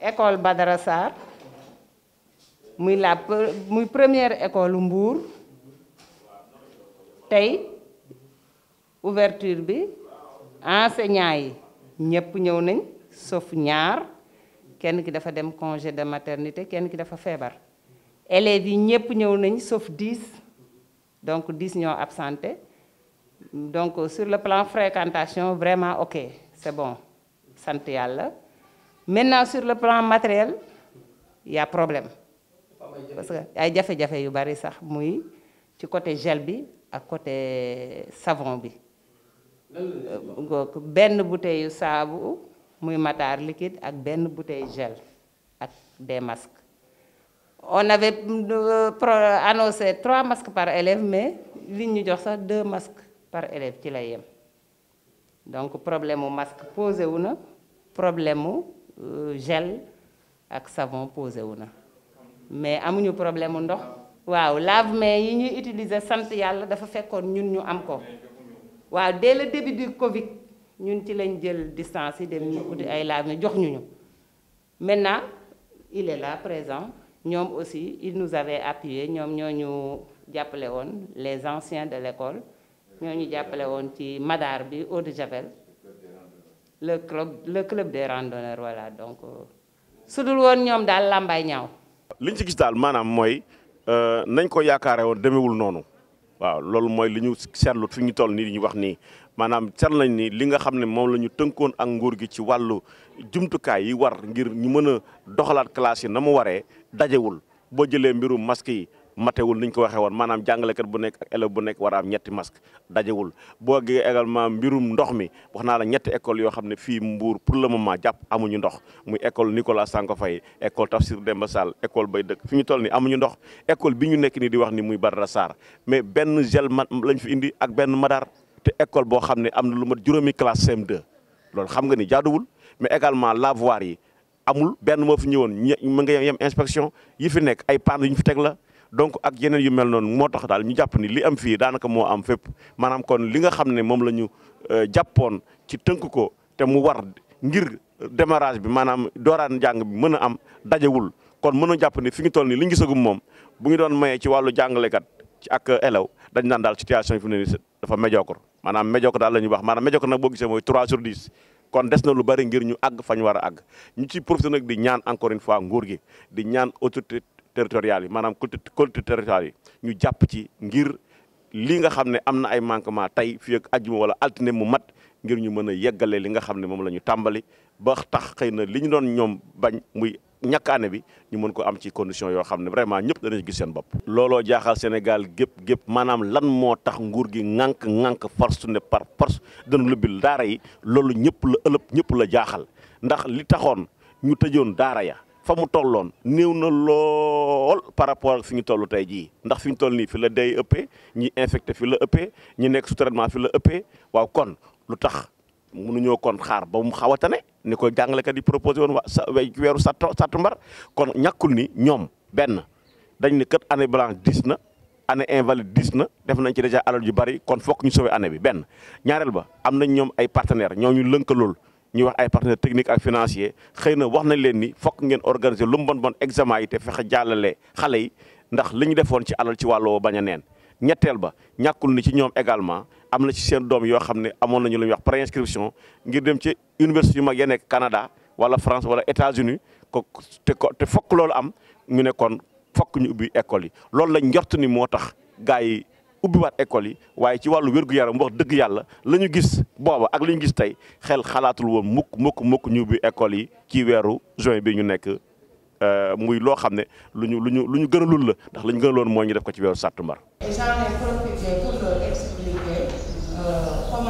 École Badarassar, c'est la première école de Mbour. Aujourd'hui, l'ouverture, les enseignants sont sauf enfants qui ont fait congé de maternité, qui a fait fièvre. Les élèves sauf 10 donc 10 ans absenté donc sur le plan fréquentation vraiment ok c'est bon santé yàlla maintenant sur le plan matériel il y a problème parce que a jafe fait yu bari ça. muy ci côté gel bi à côté savon bi Une bouteille de savon, un mataar liquide et une bouteille gel Et des masques on avait euh, annoncé trois masques par élève mais il nous jox deux masques par élève ci donc problème au masque posé ou problème le euh, gel ak savon posé ou non. mais amuñu problème mu ndox waaw lave-mains yi ñuy utiliser sant yalla, dafa fekkoon ñun ñu am dès le début du Covid nous ci lañ jël distance yi dem ont lave maintenant il est là présent. Nous aussi ils nous avaient appuyés. Nous, nous les anciens de l'école nous, nous jàppale Madarbi, ci Madar le club le club des randonneurs voilà donc nous euh, dul woon ñoom daal làmbaay liñ ci gis waaw loolu mooy li ñu seetlu fi ñu toll nii li ñu wax nii maanaam seetlu nañ nii li nga xam ne moom la ñu tënkoon ak nguur gi ci wàllu jumtukaay yi war ngir ñu mën a doxalaat classe yi na mu waree dajewul boo jëlee mbirum masque yi matewul wul ñu ko won manam jangale kat bu nek ak élève bu nek wara am ñetti masque dajewul bo gee également mbirum ndox mi waxna la ñetti école yo xam fi Mbour pour le moment japp amuñu ndox muy école Nicolas Sanko Faye école Tafsir Demba Sall école Bay Deuk fiñu toll ni amuñu ndox école biñu nek ni di wax ni muy Badara Sar mais Ben gel lañ fi indi ak ben madar te école bo xam amna am lu mat juróomi classe CM2 lool xam nga ni jaaduwul mais également voir yi amul Ben mo fi ñewon mu nga yam inspection yi fi nek ay panne yu fi tek la donc ak yeneen yu mel noonu moo tax daal ñu jàpp ni li am fii daanaka moo am fépp maanaam kon li nga xam ne moom la ñu euh, jàppoon ci tënk ko te mu war ngir demarage bi maanaam dooraan jàng bi mën a am dajewul kon mën a jàpp ni fi ñu toll nii li ñu gisagum moom bu ngi doon mayee ci wàllu jàngalekat ci ak élève dañ naan daal situation yi fi mu ne nii dafa médiocre maanaam médiocre daal la ñuy wax maanaam médiocre nag boo gisee mooy trois sur 10 kon des na lu bari ngir ñu àgg fañ war àgg ñu ci profité nag di ñaan encore une fois gi di ñaan autorité territoriales yi maanaam collectivités territoriales yi ñu jàpp ci ngir li nga xam ne am na ay manquement tey fii ak ajjuma wala altine mu mat ngir ñu mën a yeggale li nga xam ne moom la ñu tàmbali ba tax xëy na li ñu doon ñoom bañ muy ñàkkaane bi ñu mën ko am ci condition yoo xam ne vraiment ñëpp danañ gis seen bopp. looloo jaaxal Sénégal gépp gépp maanaam lan moo tax nguur gi ŋànk ŋànk force ne par force dana lubbil daara yi loolu ñëpp la ëlëb ñëpp la jaaxal fa mu tolloon néew na lool par rapport ak fi ñu toll tey jii ndax fi ñu toll nii fi la day ëppee ñi infecté fi la ëppee ñi nekk sous traitement fi la ëppee waaw kon lu tax mënuñoo kon xaar ba mu xaw a tane ni ko jàngalekat yi proposé woon waa sa weeru sàttumbar kon ñàkkul ni ñoom benn dañ ne kat année blanche dis na année invalide dis na def nañ ci déjà alal yu bari kon fokk ñu sauver année bi benn ñaareel ba am na ñoom ay partenaires ñoo ñu lënkalool ñuy wax ay partenaires techniques ak financiers xëy na wax nañ leen ni fokk ngeen organiser lu mu bon bon examen yi te fexe jàllale xale yi ndax li ñu defoon ci alal ci wàllu bañ a neen ñetteel ba ñàkkul ni ci ñoom également am na ci seen doom yoo xam ne amoon nañu lu ñuy wax préinscription ngir dem ci université yu mag ya nekk Canada wala France wala États-Unis ko te te fokk loolu am ñu ne kon fokk ñu ubbi école yi loolu lañ njort ni moo tax gars yi ubbiwaat école yi waaye ci wàllu wér-gu-yaram wax dëgg yàlla lañu gis booba ak la gis tey xel xalaatul woon mukk mukk mukk ñu ubbi école yi ci weeru join bi ñu nekk euh, muy loo xam ne lu ñu lu ñu lu ñu la ndax la ñu gënaloon mooy ñu def ko ci weeru sàttumbar. Euh, comment